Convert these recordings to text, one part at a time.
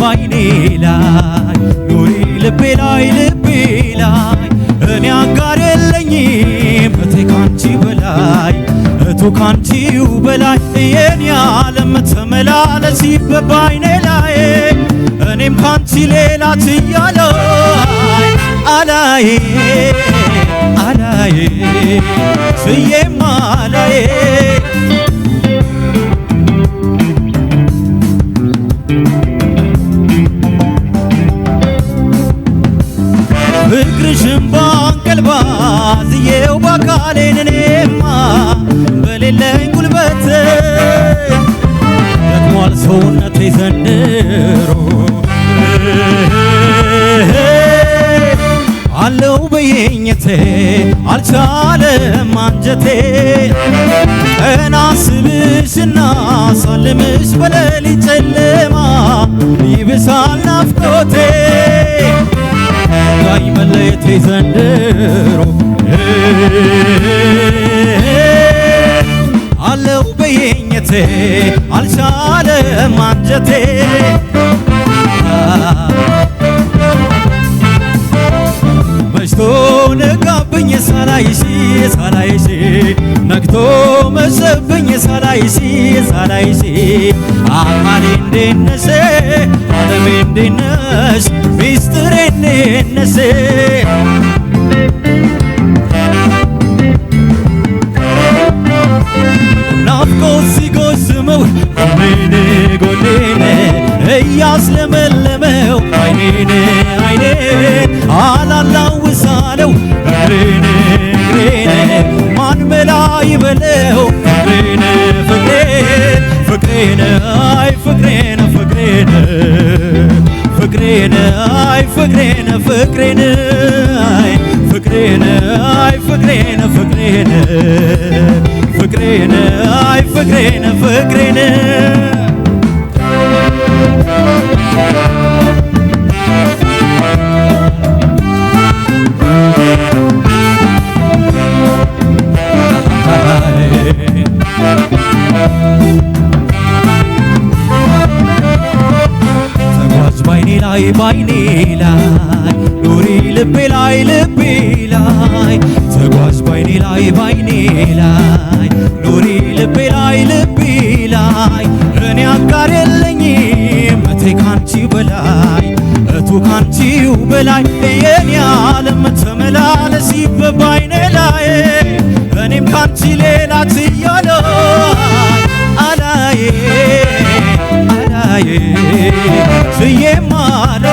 ባይኔ ላይ ኑሪ ልቤ ላይ ልቤ ላይ እኔ አጋር የለኝም እቴ ካንቺ በላይ እቱ ካንቺው በላይ የኔ ዓለም ተመላለሲ በባይኔ ላይ እኔም ካንቺ ሌላ ትያለው አላዬ አላዬ ስዬም አላዬ ክብርሽም ባንቀልባ ዝዬው ባካሌን እኔማ በሌለኝ ጉልበት ደክሟል ሰውነቴ ዘንድሮ አለው በየኝቴ አልቻለም አንጀቴ ቀና ስብሽና ሳልምሽ በሌሊት ጨለማ ይብሳል ናፍቆቴ ከፋኝ መለየቴ ዘንድሮ አለው በየኝቴ አልቻለም አንጀቴ መሽቶ ነጋብኝ ሳላይሽ ሳላይሽ ነግቶ መሸብኝ ሳላይሽ ሳላይሽ አማኔ እንዴት ጥበብ እንዲነስ ሚስጥር እንዲነስ ናፍቆት ሲጎዝመው ጎኔን ጎኔን እያስለመለመው አይኔን አይኔን አላላውሳለው እግሬን እግሬን ማን መላ ይበለው አይ ፍቅሬን ፍቅሬን አይ ፍቅሬን አይ ፍቅሬን ፍቅሬን ፍቅሬን አይ ፍቅሬን ፍቅሬን ባይኔ ላይ ባይኔ ላይ ኑሪ ልቤ ላይ ልቤ ላይ ተጓዝ ባይኔ ላይ ባይኔ ላይ ኑሪ ልቤ ላይ ልቤ ላይ እኔ አጋር የለኝም እቴ ካንቺ በላይ እቱ ካንቺው በላይ የኔ ዓለም ተመላለሲ በባይኔ ላይ እኔም ካንቺ ሌላ ትያለ አላየ ጌታዬ ዝየማሬ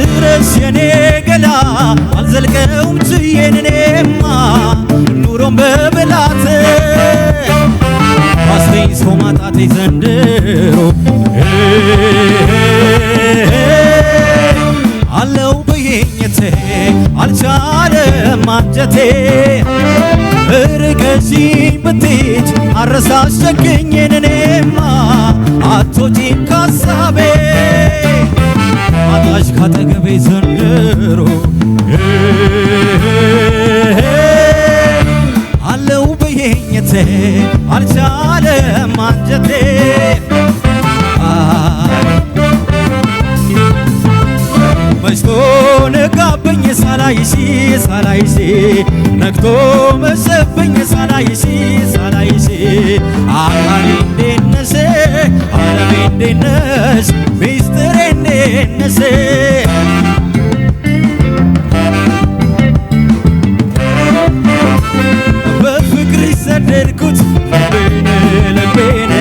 ድረስ የኔ ገላ አልዘልቀውም ትየንኔማ ኑሮም በብላት አስተኝ ሰው ማጣቴ ዘንድሮ አለው ጌቴ አልቻለም አንጀቴ እርቀሽ ብትሄጂ አረሳሸክኝ እኔማ አትወጪም ካሳቤ አጣሽ ካጠገቤ ዘንድሮ አለው ብዬሽ ጌቴ አልቻለም አንጀቴ ሳላይሲ ሳላይሲ ነግቶ መሰብኝ ሳላይሲ ሳላይሲ አላሜ እንዴነሴ አላሜ እንዴነስ ሚስጥሬ እንዴነሴ በፍቅር ሰደድኩት ልቤን ልቤን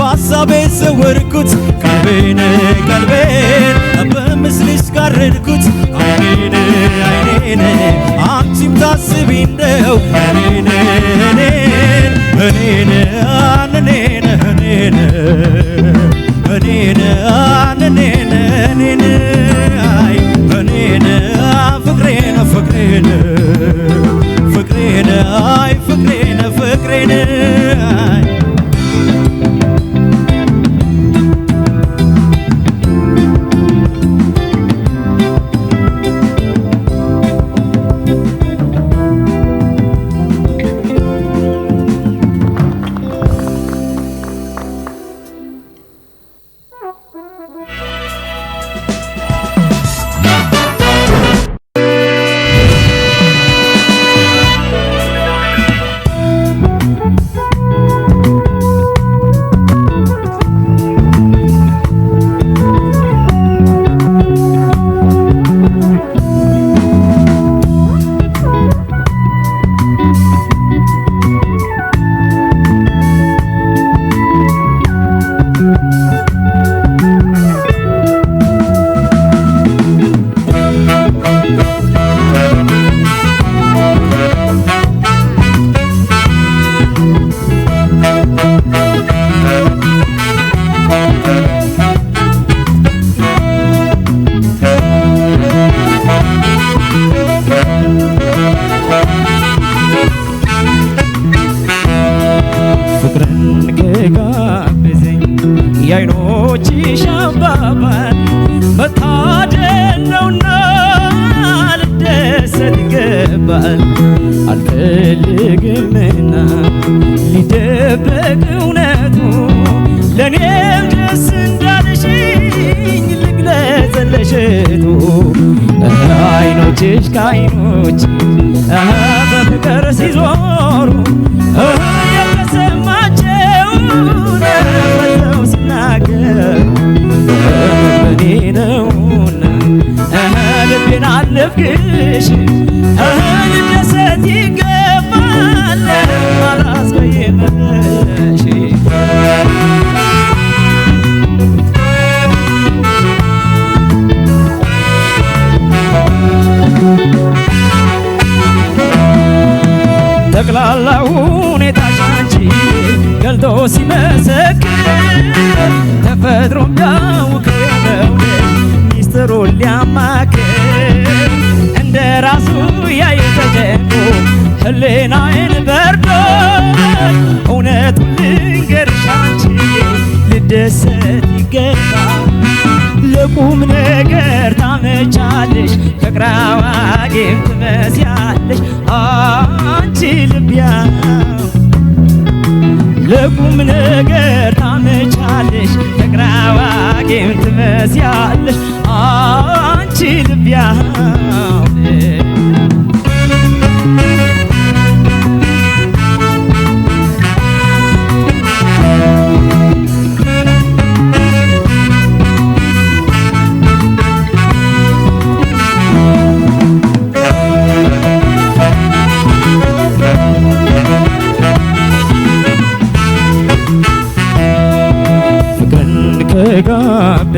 በሀሳቤ ሰወርኩት ቀልቤን ቀልቤን በምስልሽ ጋረድኩት አይኔን አይኔን አንቺም ታስቢ እንደው እኔን እኔን እኔን አንኔን እኔን እኔን አንኔን እኔን አይ እኔን ፍቅሬን ፍቅሬን ፍቅሬን አይ ፍቅሬን ፍቅሬን አይ ፊትሽ አባባል መታደል ነውና ልደሰት ይገባል። አልፈልግምና ሊደበቅ እውነቱ ለእኔም ደስ እንዳለሽኝ ልግለጸለሽቱ አይኖችሽ ከአይኖች በፍቅር ሲዞሩ አለፍክሽ እህል ደሰት ይገ ፍቅር አዋቂ ትመስያለሽ አንቺ ልቢያው ለቁም ነገር ታመቻለሽ ፍቅር አዋቂ ትመስያለሽ አንቺ ልቢያው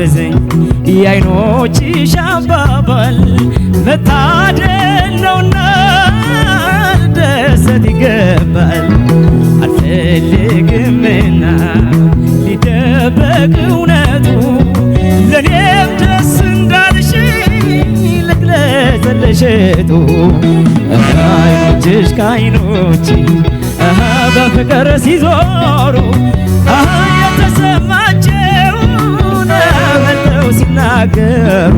ጋበዘኝ የአይኖችሽ አባባል መታደል ነውና ደሰት ይገባል አልፈልግምና ሊደበቅ እውነቱ ለኔም ደስ እንዳልሽ ለግለጸለሸቱ አይኖችሽ ከአይኖች በፍቅር ሲዞሩ ሲናገሩ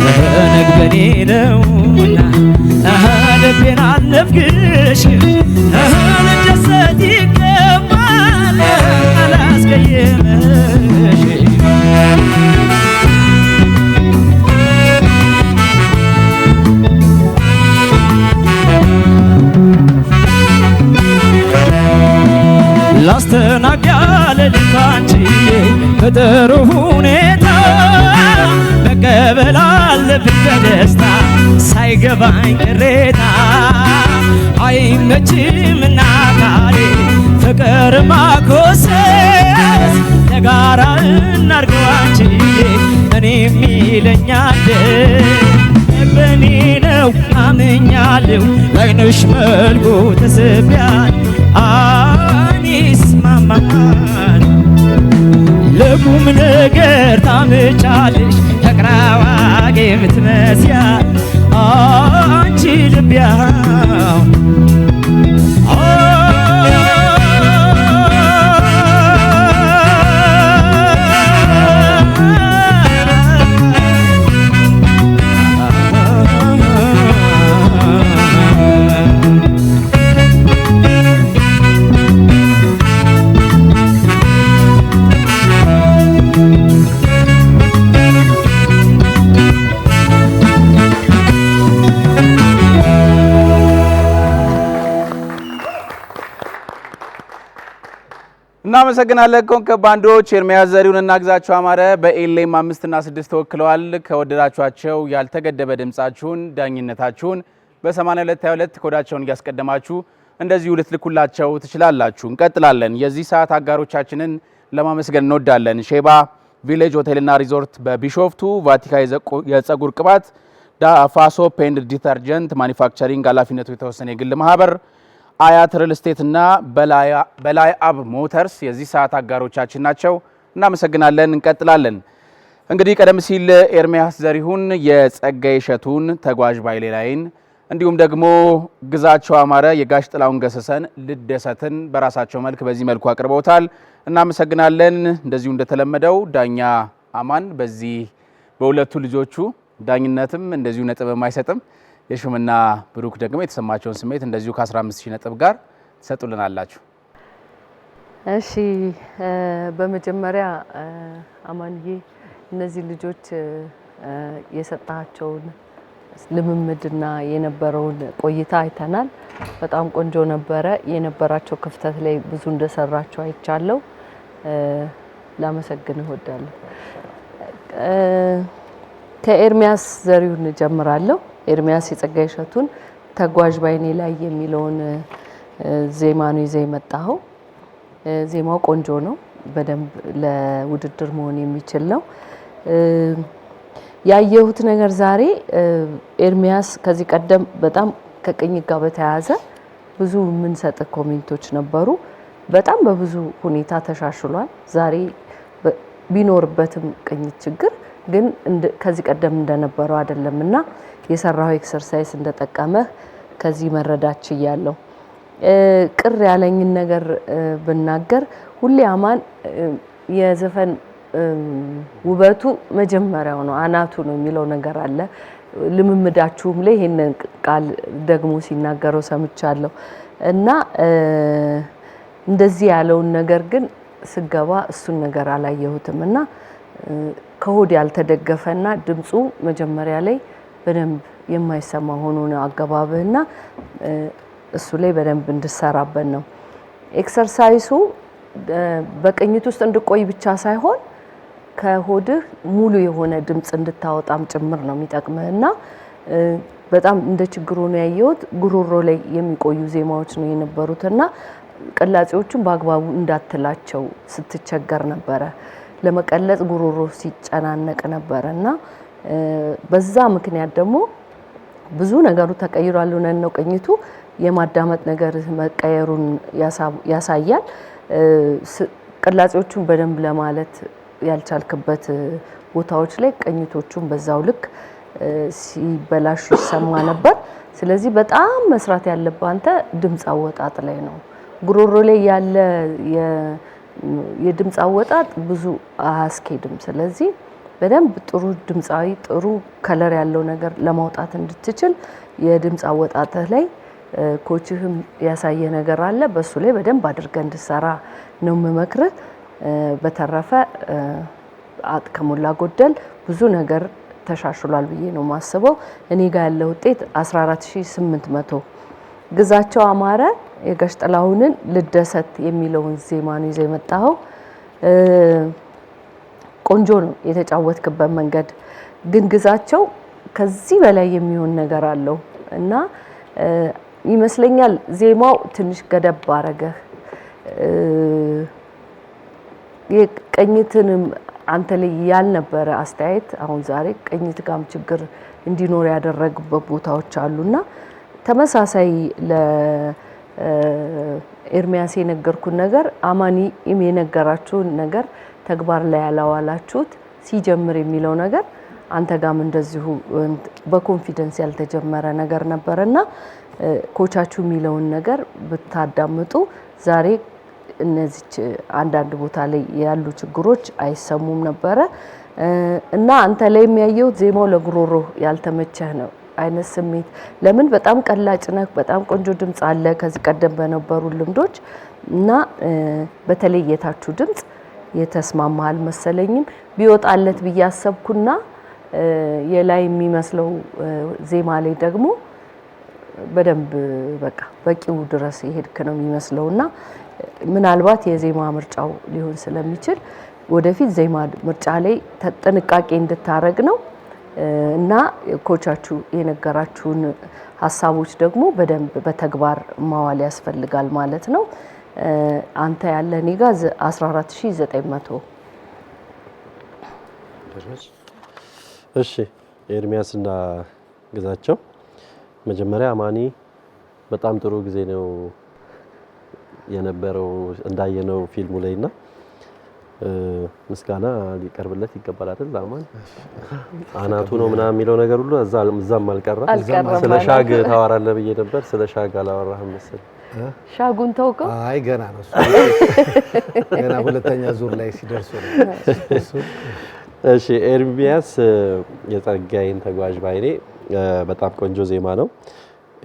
በነግበኔ ነውና ልቤን አለፍግሽ ልደሰት ይገባል አላስቀየመሽ ላስተናጋ ለልታንቺ ቀጠሮ ሁኔ ደስታ ሳይገባኝ ቅሬታ አይመችም ናታሪ ፍቅር ማኮሰስ ለጋራ እናርገዋች እኔ የሚለኛል በኔ ነው አምኛለው አይንሽ መልኩ ተስቢያል አኔስ ለቁም ነገር ታምጫለሽ ፍቅር አዋቂ የምትመስያ አንቺ ልቢያ እናመሰግናለን። ኮንከ ባንዶች ኤርሚያስ ዘሪሁንና ግዛቸው አማረ በኤሌም አምስትና ስድስት ተወክለዋል። ከወደዳችኋቸው ያልተገደበ ድምጻችሁን፣ ዳኝነታችሁን በ8222 ኮዳቸውን እያስቀደማችሁ እንደዚሁ ልትልኩላቸው ትችላላችሁ። እንቀጥላለን። የዚህ ሰዓት አጋሮቻችንን ለማመስገን እንወዳለን። ሼባ ቪሌጅ ሆቴልና ሪዞርት በቢሾፍቱ፣ ቫቲካ የጸጉር ቅባት፣ ዳፋሶ ፔንድ ዲተርጀንት ማኒፋክቸሪንግ ኃላፊነቱ የተወሰነ የግል ማህበር አያት ሪል ስቴትና በላይ አብ ሞተርስ የዚህ ሰዓት አጋሮቻችን ናቸው። እናመሰግናለን። እንቀጥላለን። እንግዲህ ቀደም ሲል ኤርሚያስ ዘሪሁን የጸጋዬ እሸቱን ተጓዥ ባይሌ ላይን እንዲሁም ደግሞ ግዛቸው አማረ የጋሽ ጥላውን ገሰሰን ልደሰትን በራሳቸው መልክ በዚህ መልኩ አቅርበውታል። እናመሰግናለን። እንደዚሁ እንደተለመደው ዳኛ አማን በዚህ በሁለቱ ልጆቹ ዳኝነትም እንደዚሁ ነጥብ አይሰጥም። የሹምና ብሩክ ደግሞ የተሰማቸውን ስሜት እንደዚሁ ከ15000 ነጥብ ጋር ትሰጡልናላችሁ። እሺ በመጀመሪያ አማንዬ እነዚህ ልጆች የሰጣቸውን ልምምድና የነበረውን ቆይታ አይተናል። በጣም ቆንጆ ነበረ። የነበራቸው ክፍተት ላይ ብዙ እንደሰራቸው አይቻለው ላመሰግን እወዳለሁ። ከኤርሚያስ ዘሪሁን እጀምራለሁ። ኤርሚያስ የጸጋ እሸቱን ተጓዥ ባይኔ ላይ የሚለውን ዜማ ነው ይዘ የመጣኸው። ዜማው ቆንጆ ነው፣ በደንብ ለውድድር መሆን የሚችል ነው። ያየሁት ነገር ዛሬ ኤርሚያስ ከዚህ ቀደም በጣም ከቅኝ ጋር በተያያዘ ብዙ የምንሰጥ ኮሜንቶች ነበሩ። በጣም በብዙ ሁኔታ ተሻሽሏል። ዛሬ ቢኖርበትም ቅኝት ችግር ግን ከዚህ ቀደም እንደነበረው አይደለም እና የሰራው ኤክሰርሳይስ እንደጠቀመህ ከዚህ መረዳች ችያለሁ። ቅር ያለኝን ነገር ብናገር ሁሌ አማን የዘፈን ውበቱ መጀመሪያው ነው አናቱ ነው የሚለው ነገር አለ። ልምምዳችሁም ላይ ይሄንን ቃል ደግሞ ሲናገረው ሰምቻለሁ እና እንደዚህ ያለውን ነገር ግን ስገባ እሱን ነገር አላየሁትም እና ከሆድ ያልተደገፈና ድምፁ መጀመሪያ ላይ በደንብ የማይሰማ ሆኖ ነው አገባብህና እሱ ላይ በደንብ እንድሰራበት ነው። ኤክሰርሳይሱ በቅኝት ውስጥ እንድቆይ ብቻ ሳይሆን ከሆድህ ሙሉ የሆነ ድምፅ እንድታወጣም ጭምር ነው የሚጠቅምህ እና በጣም እንደ ችግሩ ነው ያየሁት። ጉሮሮ ላይ የሚቆዩ ዜማዎች ነው የነበሩት እና ቅላጼዎቹን በአግባቡ እንዳትላቸው ስትቸገር ነበረ። ለመቀለጽ ጉሮሮ ሲጨናነቅ ነበረ እና በዛ ምክንያት ደግሞ ብዙ ነገሩ ተቀይሯል። እውነት ነው። ቅኝቱ የማዳመጥ ነገር መቀየሩን ያሳያል። ቅላጼዎቹን በደንብ ለማለት ያልቻልክበት ቦታዎች ላይ ቅኝቶቹን በዛው ልክ ሲበላሹ ይሰማ ነበር። ስለዚህ በጣም መስራት ያለብህ አንተ ድምፅ አወጣጥ ላይ ነው። ጉሮሮ ላይ ያለ የድምፅ አወጣጥ ብዙ አያስኬድም። ስለዚህ በደንብ ጥሩ ድምፃዊ ጥሩ ከለር ያለው ነገር ለማውጣት እንድትችል የድምፅ አወጣጥህ ላይ ኮችህም ያሳየ ነገር አለ። በሱ ላይ በደንብ አድርገህ እንድሰራ ነው የምመክርህ። በተረፈ አጥ ከሞላ ጎደል ብዙ ነገር ተሻሽሏል ብዬ ነው የማስበው። እኔ ጋር ያለ ውጤት 14800 ግዛቸው አማረ የጋሽ ጥላሁንን ልደሰት የሚለውን ዜማ ነው ይዘ የመጣኸው። ቆንጆ ነው የተጫወትክበት መንገድ፣ ግን ግዛቸው ከዚህ በላይ የሚሆን ነገር አለው እና ይመስለኛል ዜማው ትንሽ ገደብ አረገህ። የቅኝትንም አንተ ላይ ያልነበረ አስተያየት አሁን ዛሬ ቅኝት ጋም ችግር እንዲኖር ያደረግበት ቦታዎች አሉና ተመሳሳይ ኤርሚያስ የነገርኩን ነገር አማኒም የነገራችሁን ነገር ተግባር ላይ ያላዋላችሁት ሲጀምር የሚለው ነገር አንተ ጋም እንደዚሁ በኮንፊደንስ ያልተጀመረ ነገር ነበር እና ኮቻችሁ የሚለውን ነገር ብታዳምጡ ዛሬ እነዚች አንዳንድ ቦታ ላይ ያሉ ችግሮች አይሰሙም ነበረ እና አንተ ላይ የሚያየው ዜማው ለጉሮሮ ያልተመቸህ ነው አይነት ስሜት ለምን በጣም ቀላጭ ነህ፣ በጣም ቆንጆ ድምፅ አለ ከዚህ ቀደም በነበሩ ልምዶች እና በተለይ የታችሁ ድምፅ የተስማማ አልመሰለኝም። ቢወጣለት ብዬ አሰብኩና የላይ የሚመስለው ዜማ ላይ ደግሞ በደንብ በቃ በቂው ድረስ የሄድክ ነው የሚመስለው እና ምናልባት የዜማ ምርጫው ሊሆን ስለሚችል ወደፊት ዜማ ምርጫ ላይ ጥንቃቄ እንድታረግ ነው። እና ኮቻችሁ የነገራችሁን ሀሳቦች ደግሞ በደንብ በተግባር ማዋል ያስፈልጋል ማለት ነው። አንተ ያለ እኔ ጋ 14900 እሺ ኤርሚያስ እና ግዛቸው መጀመሪያ አማኒ በጣም ጥሩ ጊዜ ነው የነበረው እንዳየነው ፊልሙ ላይ እና ምስጋና ሊቀርብለት ይገባል አይደል? አማን አናቱ ነው ምናምን የሚለው ነገር ሁሉ እዛም አልቀራ። ስለ ሻግ ታወራለህ ብዬ ነበር፣ ስለ ሻግ አላወራህም መሰለኝ። ሻጉን ተውከው? አይ ገና ነው ገና ሁለተኛ ዙር ላይ ሲደርሱ ነው። እሺ ኤርሚያስ የጸጋዬን ተጓዥ ባይኔ በጣም ቆንጆ ዜማ ነው።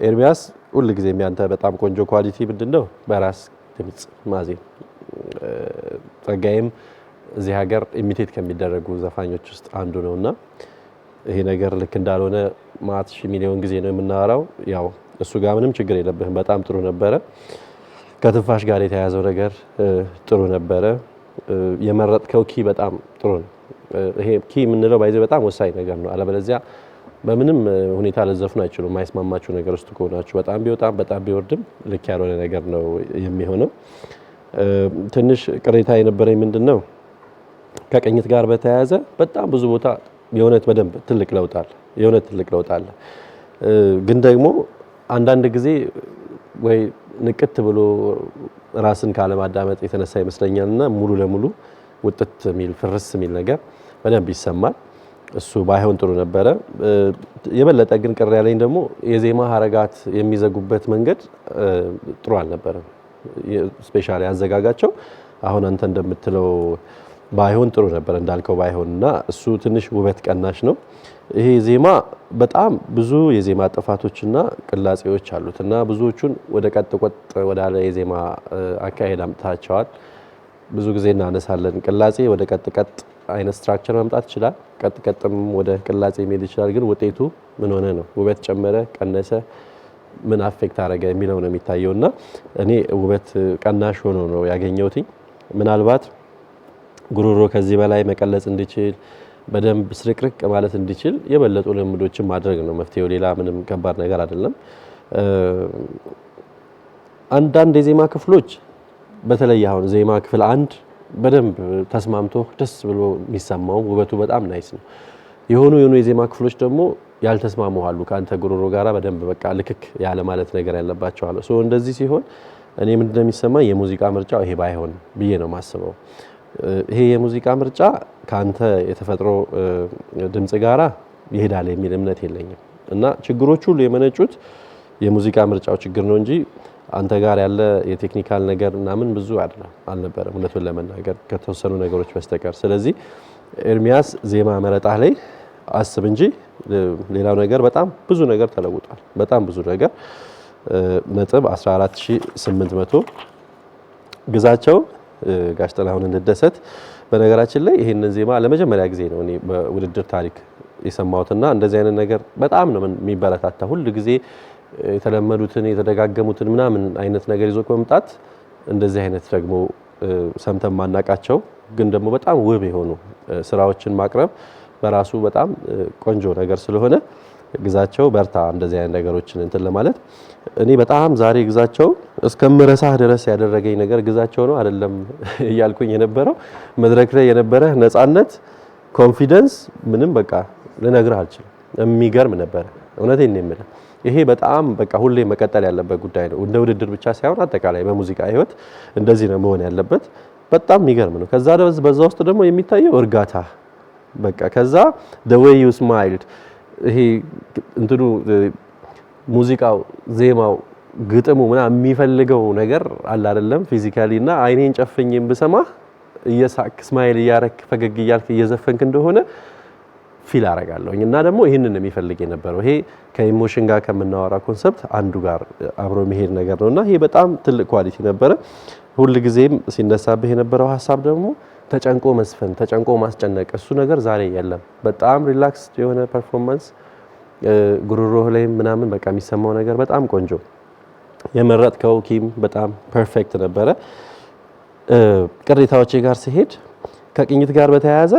ኤርሚያስ ሁል ጊዜ የሚያንተ በጣም ቆንጆ ኳሊቲ ምንድን ነው? በራስ ድምፅ ማዜም ጸጋዬም እዚህ ሀገር ኢሚቴት ከሚደረጉ ዘፋኞች ውስጥ አንዱ ነው እና ይሄ ነገር ልክ እንዳልሆነ ማት ሺ ሚሊዮን ጊዜ ነው የምናወራው። ያው እሱ ጋር ምንም ችግር የለብህም። በጣም ጥሩ ነበረ። ከትንፋሽ ጋር የተያያዘው ነገር ጥሩ ነበረ። የመረጥከው ኪ በጣም ጥሩ ነው። ይሄ ኪ የምንለው ባይዘ በጣም ወሳኝ ነገር ነው። አለበለዚያ በምንም ሁኔታ ልዘፍኑ አይችሉም። የማይስማማችሁ ነገር ውስጥ ከሆናችሁ በጣም ቢወጣም በጣም ቢወርድም ልክ ያልሆነ ነገር ነው የሚሆነው። ትንሽ ቅሬታ የነበረኝ ምንድን ነው ከቅኝት ጋር በተያያዘ በጣም ብዙ ቦታ የእውነት በደንብ ትልቅ ለውጥ አለ። የእውነት ትልቅ ለውጥ አለ። ግን ደግሞ አንዳንድ ጊዜ ወይ ንቅት ብሎ ራስን ካለማዳመጥ የተነሳ ይመስለኛል እና ሙሉ ለሙሉ ውጥት የሚል ፍርስ የሚል ነገር በደንብ ይሰማል። እሱ ባይሆን ጥሩ ነበረ። የበለጠ ግን ቅር ያለኝ ደግሞ የዜማ ሀረጋት የሚዘጉበት መንገድ ጥሩ አልነበረም። ስፔሻሊ ያዘጋጋቸው አሁን አንተ እንደምትለው ባይሆን ጥሩ ነበር እንዳልከው ባይሆን እና እሱ ትንሽ ውበት ቀናሽ ነው። ይሄ ዜማ በጣም ብዙ የዜማ ጥፋቶችና ቅላጼዎች አሉት እና ብዙዎቹን ወደ ቀጥ ቆጥ ወዳለ የዜማ አካሄድ አምጥታቸዋል። ብዙ ጊዜ እናነሳለን። ቅላጼ ወደ ቀጥ ቀጥ አይነት ስትራክቸር መምጣት ይችላል። ቀጥ ቀጥም ወደ ቅላጼ መሄድ ይችላል። ግን ውጤቱ ምን ሆነ ነው? ውበት ጨመረ፣ ቀነሰ ምን አፌክት አረገ የሚለው ነው የሚታየው። እና እኔ ውበት ቀናሽ ሆኖ ነው ያገኘሁትኝ። ምናልባት ጉሮሮ ከዚህ በላይ መቀለጽ እንዲችል በደንብ ስርቅርቅ ማለት እንዲችል የበለጡ ልምዶችን ማድረግ ነው መፍትሄው። ሌላ ምንም ከባድ ነገር አይደለም። አንዳንድ የዜማ ክፍሎች በተለይ አሁን ዜማ ክፍል አንድ በደንብ ተስማምቶ ደስ ብሎ የሚሰማው ውበቱ በጣም ናይስ ነው። የሆኑ የሆኑ የዜማ ክፍሎች ደግሞ ያልተስማሙ አሉ። ከአንተ ጉሮሮ ጋራ በደንብ በቃ ልክክ ያለ ማለት ነገር ያለባቸው እንደዚህ ሲሆን እኔ ምንድን ነው የሚሰማኝ የሙዚቃ ምርጫ ይሄ ባይሆን ብዬ ነው የማስበው። ይሄ የሙዚቃ ምርጫ ከአንተ የተፈጥሮ ድምፅ ጋራ ይሄዳል የሚል እምነት የለኝም እና ችግሮች ሁሉ የመነጩት የሙዚቃ ምርጫው ችግር ነው እንጂ አንተ ጋር ያለ የቴክኒካል ነገር ምናምን ብዙ አይደለም አልነበረም፣ እውነቱን ለመናገር ከተወሰኑ ነገሮች በስተቀር። ስለዚህ ኤርሚያስ ዜማ መረጣ ላይ አስብ እንጂ ሌላው ነገር በጣም ብዙ ነገር ተለውጧል። በጣም ብዙ ነገር ነጥብ 14800 ግዛቸው ጋሽ ጥላሁን እንደሰት። በነገራችን ላይ ይህንን ዜማ ለመጀመሪያ ጊዜ ነው እኔ በውድድር ታሪክ የሰማሁትና እንደዚህ አይነት ነገር በጣም ነው የሚበረታታ። ሁል ጊዜ የተለመዱትን የተደጋገሙትን ምናምን አይነት ነገር ይዞ ከመምጣት እንደዚህ አይነት ደግሞ ሰምተን ማናቃቸው ግን ደግሞ በጣም ውብ የሆኑ ስራዎችን ማቅረብ በራሱ በጣም ቆንጆ ነገር ስለሆነ ግዛቸው በርታ፣ እንደዚህ አይነት ነገሮችን እንትን ለማለት እኔ በጣም ዛሬ ግዛቸው እስከምረሳህ ድረስ ያደረገኝ ነገር ግዛቸው ነው አይደለም እያልኩኝ የነበረው መድረክ ላይ የነበረ ነፃነት፣ ኮንፊደንስ ምንም በቃ ልነግርህ አልችልም። የሚገርም ነበረ። እውነቴን ነው የምልህ። ይሄ በጣም በቃ ሁሌ መቀጠል ያለበት ጉዳይ ነው። እንደ ውድድር ብቻ ሳይሆን አጠቃላይ በሙዚቃ ሕይወት እንደዚህ ነው መሆን ያለበት። በጣም የሚገርም ነው። ከዛ በዛ ውስጥ ደግሞ የሚታየው እርጋታ በቃ ከዛ the way you smiled ይሄ እንትኑ ሙዚቃው ዜማው ግጥሙ ምናምን የሚፈልገው ነገር አለ አይደለም ፊዚካሊ እና አይኔን ጨፍኝም ብሰማ እየሳቅ ስማይል እያረክ ፈገግ እያልክ እየዘፈንክ እንደሆነ ፊል አረጋለሁኝ እና ደግሞ ይህንን የሚፈልግ የነበረው ይሄ ከኢሞሽን ጋር ከምናወራ ኮንሰፕት አንዱ ጋር አብሮ መሄድ ነገር ነው እና ይሄ በጣም ትልቅ ኳሊቲ ነበረ። ጊዜም ሲነሳብህ የነበረው ሀሳብ ደግሞ ተጨንቆ መስፈን፣ ተጨንቆ ማስጨነቅ እሱ ነገር ዛሬ የለም። በጣም ሪላክስ የሆነ ፐርፎርማንስ ጉሮሮህ ላይ ምናምን በቃ የሚሰማው ነገር በጣም ቆንጆ የመረጥከው ኪም በጣም ፐርፌክት ነበረ። ቅሬታዎቼ ጋር ሲሄድ ከቅኝት ጋር በተያያዘ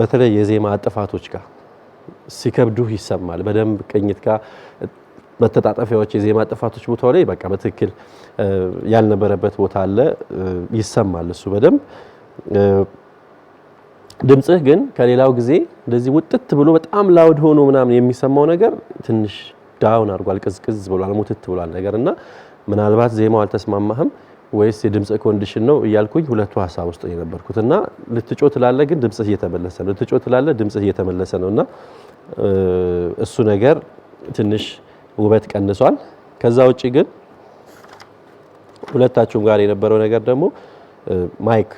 በተለይ የዜማ ጥፋቶች ጋር ሲከብዱህ ይሰማል። በደንብ ቅኝት ጋር መተጣጠፊያዎች፣ የዜማ ጥፋቶች ቦታው ላይ በቃ በትክክል ያልነበረበት ቦታ አለ፣ ይሰማል እሱ በደንብ ድምጽህ ግን ከሌላው ጊዜ እንደዚህ ውጥት ብሎ በጣም ላውድ ሆኖ ምናምን የሚሰማው ነገር ትንሽ ዳውን አድርጓል፣ ቅዝቅዝ ብሏል፣ ሙትት ብሏል ነገር እና ምናልባት ዜማው አልተስማማህም ወይስ የድምጽ ኮንዲሽን ነው እያልኩኝ ሁለቱ ሀሳብ ውስጥ የነበርኩት እና ልትጮ ትላለ ግን ድምጽህ እየተመለሰ ነው፣ ልትጮ ትላለ ድምጽህ እየተመለሰ ነው እና እሱ ነገር ትንሽ ውበት ቀንሷል። ከዛ ውጪ ግን ሁለታችሁም ጋር የነበረው ነገር ደግሞ ማይክ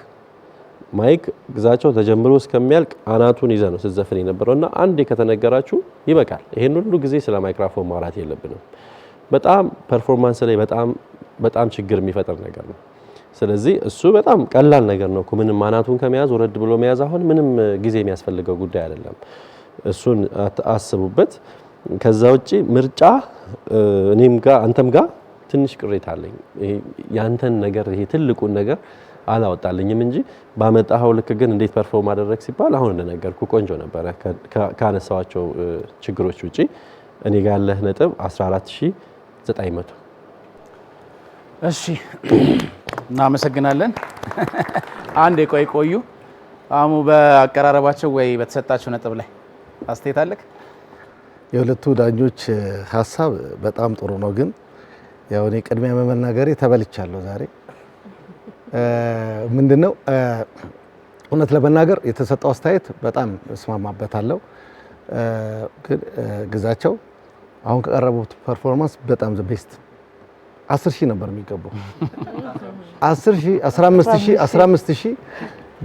ማይክ ግዛቸው ተጀምሮ እስከሚያልቅ አናቱን ይዘ ነው ስትዘፍን የነበረው እና አንዴ ከተነገራችሁ ይበቃል። ይሄን ሁሉ ጊዜ ስለ ማይክራፎን ማውራት የለብንም። በጣም ፐርፎርማንስ ላይ በጣም በጣም ችግር የሚፈጥር ነገር ነው። ስለዚህ እሱ በጣም ቀላል ነገር ነው። ምንም አናቱን ከመያዝ ወረድ ብሎ መያዝ አሁን ምንም ጊዜ የሚያስፈልገው ጉዳይ አይደለም። እሱን አስቡበት። ከዛ ውጪ ምርጫ እኔም ጋ አንተም ጋ ትንሽ ቅሬታ አለኝ። ያንተን ነገር ይሄ ትልቁን ነገር አላወጣልኝም እንጂ ባመጣኸው ልክ ግን እንዴት ፐርፎርም ማደረግ ሲባል አሁን እንደነገርኩ ቆንጆ ነበረ። ካነሳዋቸው ችግሮች ውጪ እኔ ጋ ያለህ ነጥብ 14900። እሺ እናመሰግናለን። አንድ የቆይ ቆዩ አሙ በአቀራረባቸው ወይ በተሰጣቸው ነጥብ ላይ አስተያየት አለክ? የሁለቱ ዳኞች ሀሳብ በጣም ጥሩ ነው፣ ግን ያው እኔ ቅድሚያ በመናገሬ ተበልቻለሁ። ዛሬ ምንድነው እውነት ለመናገር የተሰጠው አስተያየት በጣም እስማማበታለሁ፣ ግን ግዛቸው አሁን ከቀረቡት ፐርፎርማንስ በጣም ዘ ቤስት አስር ሺህ ነበር የሚገባው። አስር ሺህ አስራ አምስት ሺህ አስራ አምስት ሺህ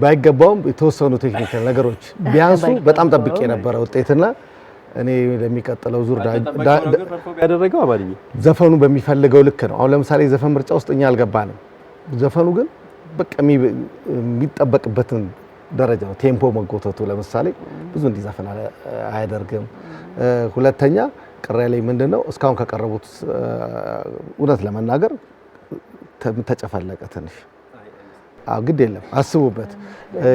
ባይገባውም የተወሰኑ ቴክኒካል ነገሮች ቢያንሱ በጣም ጠብቄ የነበረ ውጤትና እኔ ለሚቀጥለው ዙር ያደረገው አማርኛ ዘፈኑ በሚፈልገው ልክ ነው። አሁን ለምሳሌ ዘፈን ምርጫ ውስጥ እኛ አልገባንም። ዘፈኑ ግን በቃ የሚጠበቅበትን ደረጃ ነው። ቴምፖ መጎተቱ ለምሳሌ ብዙ እንዲዘፈን አያደርግም። ሁለተኛ ቅሬ ላይ ምንድን ነው እስካሁን ከቀረቡት እውነት ለመናገር ተጨፈለቀ ትንሽ ግድ የለም አስቡበት።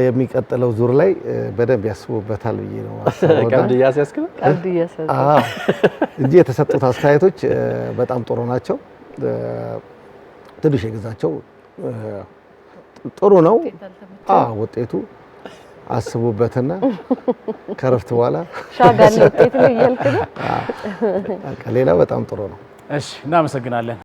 የሚቀጥለው ዙር ላይ በደንብ ያስቡበታል ብዬ ነው እንጂ የተሰጡት አስተያየቶች በጣም ጥሩ ናቸው። ትንሽ የገዛቸው ጥሩ ነው ውጤቱ። አስቡበትና ከረፍት በኋላ ሌላ በጣም ጥሩ ነው። እሺ እናመሰግናለን።